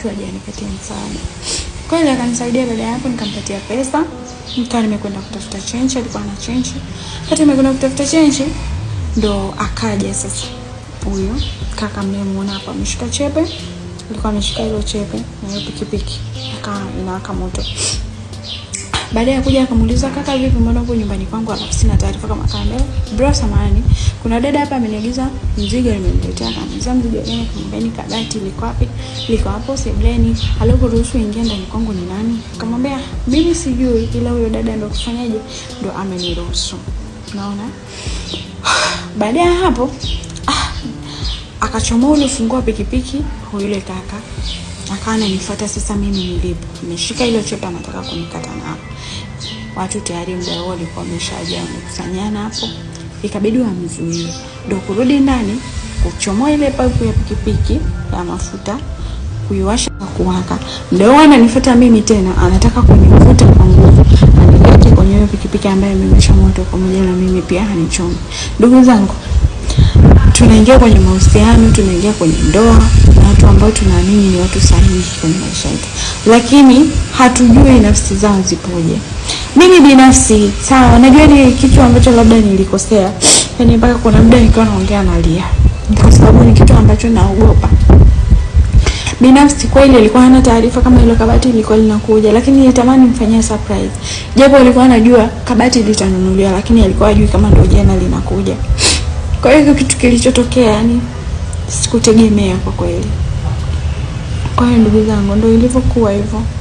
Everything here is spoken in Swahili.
mtu anipatie msaada. Kwa hiyo akanisaidia dada yangu, nikampatia pesa, nikawa nimekwenda kutafuta chenji, alikuwa na chenji. kati nimekwenda kutafuta chenji, ndo akaja sasa huyo kaka mnayemuona hapa ameshika chepe, alikuwa ameshika hilo chepe na hiyo pikipiki, akaa inawaka moto. Baada ya kuja akamuuliza, kaka, vipi mbona uko nyumbani kwangu alafu sina taarifa kama kaambia, bro, samani, kuna dada hapa ameniagiza mzigo nimemletea. Akamuuliza mzigo gani? Akamwambia ni kabati liko wapi? Liko hapo sebleni. Aliporuhusu ingia ndani kwangu ni nani? Akamwambia mimi sijui, ila huyo dada ndo kufanyaje, ndo ameniruhusu. Unaona? Baada ya hapo ah, akachomoa ule ufunguo wa pikipiki yule kaka akawa ananifuata sasa mimi nilipo, nimeshika ile chopa nataka kunikata nao. Watu tayari muda huo walikuwa wameshaja wamekusanyana hapo, ikabidi wamzuie ndo kurudi ndani kuchomoa ile paipu ya pikipiki ya mafuta kuiwasha na kuwaka. Ndio ananifuata mimi tena, anataka kunivuta kwa nguvu anilete kwenye hiyo pikipiki ambayo imewasha moto pamoja na mimi pia anichome. Ndugu zangu tunaingia kwenye mahusiano, tunaingia kwenye ndoa na watu ambao tunaamini ni watu sahihi kwenye maisha yetu, lakini hatujui nafsi zao zipoje. Mimi binafsi sawa, najua ni kitu ambacho labda nilikosea, yani mpaka kuna muda nikiwa naongea nalia, kwa sababu ni kitu ambacho naogopa binafsi kweli alikuwa hana taarifa kama ile kabati ilikuwa linakuja, lakini nilitamani mfanyia surprise, japo alikuwa anajua kabati litanunuliwa, lakini alikuwa hajui kama ndio jana linakuja. Kwa hiyo kitu kilichotokea yani sikutegemea kwa kweli. Kwa hiyo ndugu zangu, ndio ilivyokuwa hivyo.